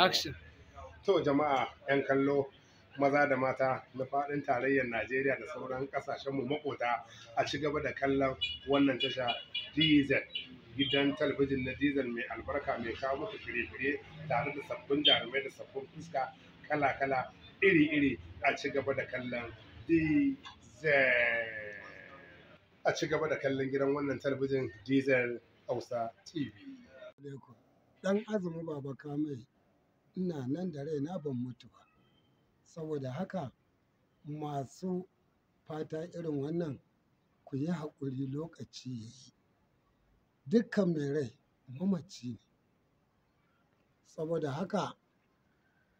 Action. To jama'a 'yan kallo maza da mata na faɗin tarayyar Najeriya da sauran ƙasashenmu makota a ci gaba da kallon wannan tasha Diesel gidan talabijin na Diesel mai albarka mai kawo muku fire-fire tare da sabbin jarumai da sabbin fuska kala-kala iri-iri a ci gaba da kallon Diesel. A ci gaba da kallon gidan wannan talabijin Diesel Hausa TV. Dan azumi baba kamai ina nan da raina ban mutu ba saboda haka masu fata irin wannan ku yi haƙuri lokaci ya yi dukkan mai rai mamaci ne saboda haka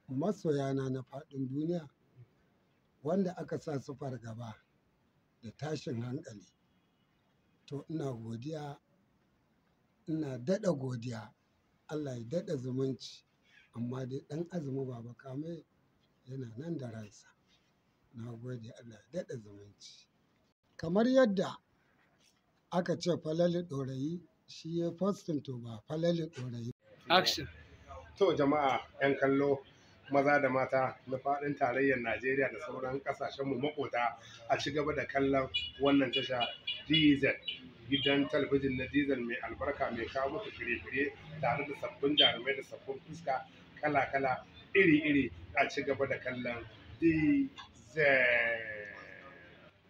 masoyana na faɗin duniya wanda aka sa su fargaba da tashin hankali to ina godiya ina daɗa godiya allah ya daɗa zumunci amma dai ɗan azumi baba kame yana nan da ransa na gode allah daɗa zumunci kamar yadda aka ce falali ɗorayi shi ya fastin to ba falali ɗorayi action to jama'a 'yan kallo maza da mata na faɗin tarayyar Najeriya da sauran ƙasashenmu makota a ci gaba da kallon wannan tasha diesel gidan talabijin na diesel mai albarka mai kawo muku fire-fire tare da sabbin jarumai da sabbin fuska kala-kala iri-iri a ci gaba da kallon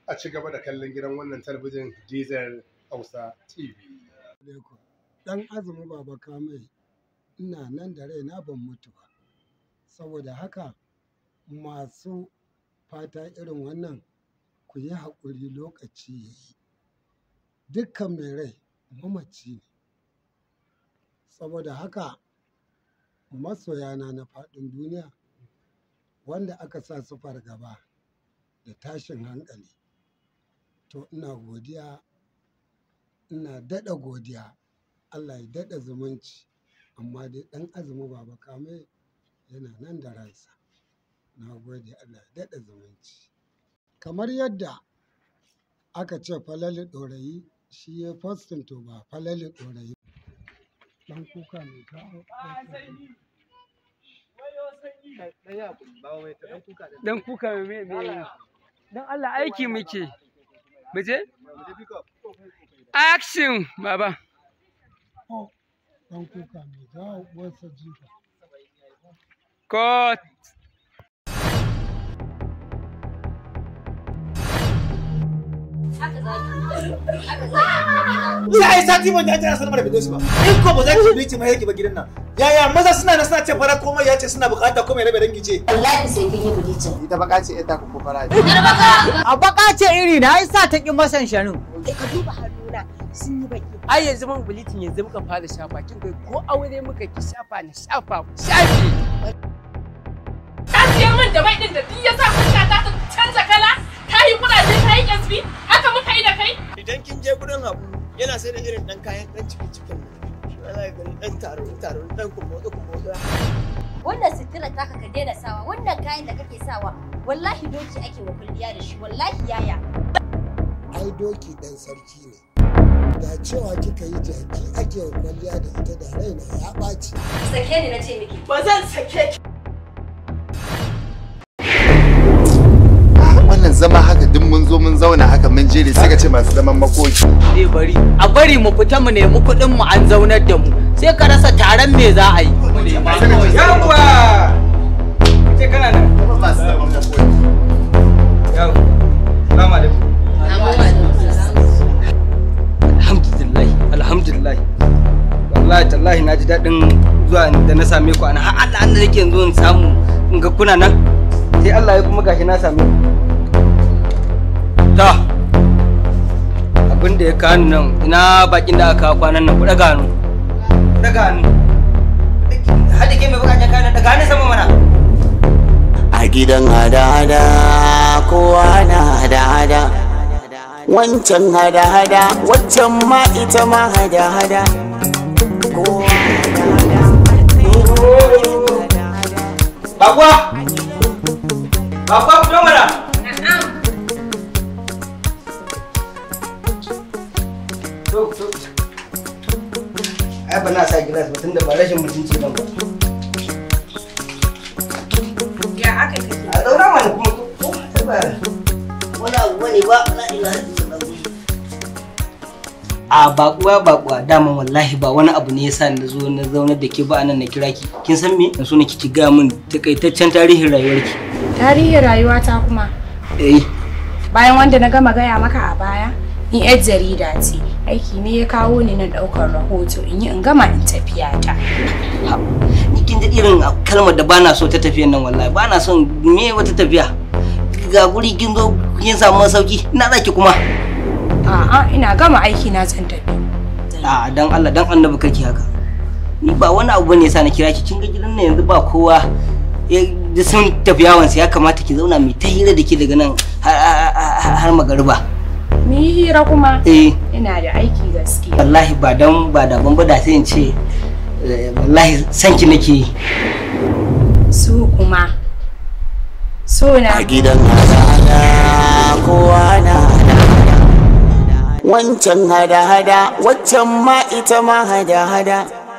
a ci gaba da kallon gidan wannan talabijin diesel hausa tv dan azumi baba kamai ina nan da raina ban mutu ba saboda haka masu fata irin wannan ku yi haƙuri lokaci ya dukkan mai rai mamaci ne saboda haka masoyana na faɗin duniya wanda aka sa su fargaba da tashin hankali to ina godiya ina daɗa godiya allah ya daɗa zumunci amma dai ɗan azumi baba kame yana nan da ransa na gode allah ya daɗa zumunci kamar yadda aka ce falali ɗorayi shi ya fastin to ba falali ɗorayi dan kuka mai ka dan ah, kuka mai mai dan Allah aiki muke action baba dan kuka mai wasa jifa court Ni ai sati ban da ta sanar da bidoshi ba. In ko ba za ki ba gidan nan. Yaya maza suna fara komai ya ce suna bukata komai yi bilicin. Ita ce A baka iri na sa ta eh, hannuna sun yi baki. Ai yanzu yanzu muka fara shafa ko aure muka ki shafa shafa. Ka min da da duk ya sa yana sai da irin dan kayan dan cikin cikin wallahi gani dan taro taro dan kuma wato kuma wato wannan sitira taka ka daina sawa wannan kayan da kake sawa wallahi doki ake wa kulliya da shi wallahi yaya ai doki dan sarki ne da cewa kika yi jaki ake wa kwalliya da ita da raina ya ɓaci. Sake ni na ce miki. Ba zan sake ki. Wannan zama haka duk mun zo mun zauna haka jere sai ka ce masu zaman makoki. Eh bari, a bari mu fita mu nemi kuɗin mu an zaunar da mu. Sai ka rasa taron me za a yi. Yawwa! Ce kana nan. Masu zaman makoki. na ji daɗin zuwa da na same ku ana har Allah Allah yake samu in ga kuna nan. Sai na same Ta. abin da ya kanu nan ina bakin da aka kwanan nan ku gano hannu gano hadi ke mai bukatan kayan daga hannu sama mana a gidan hada-hada kowa na hada-hada wancan hada-hada wancan ma ita ma hada-hada kowa hada-hada Bakwa! Bakwa, kuma mana! ai ba na sa gilas ba tunda ba rashin mutunci ban ba ya aka kake a daura mana kuma ko ta ba wani abu ne ba na ila a bakuwa bakuwa dama wallahi ba wani abu ne yasa na zo na zaunar da ke ba anan na kira ki kin san me na so na kiki ga min takaitaccen tarihin rayuwarki tarihin rayuwata kuma eh bayan wanda na gama gaya maka a baya ni yar jarida ce aiki ne ya kawo ni na ɗaukar rahoto in yi in gama in tafiya ta. Ni kin irin kalmar da bana so ta tafiya nan wallahi bana son me wata tafiya. Ga guri kin zo kin samu sauki ina zaki kuma. A'a ina gama aiki na zan tafi. A'a dan Allah dan annabi kake haka. Ni ba wani abu bane yasa na kira ki kin ga gidan nan yanzu ba kowa da sun tafi yawansa ya kamata ki zauna mai ta hira da ke daga nan har magariba. Ni hira kuma? Eh. ina da aiki gaske. wallahi ba dan ba da bamba da sai in ce eh, wallahi sanki nake su kuma so na a gidan hada kowa na hada wancan hada hada waccan ma ita ma hada hada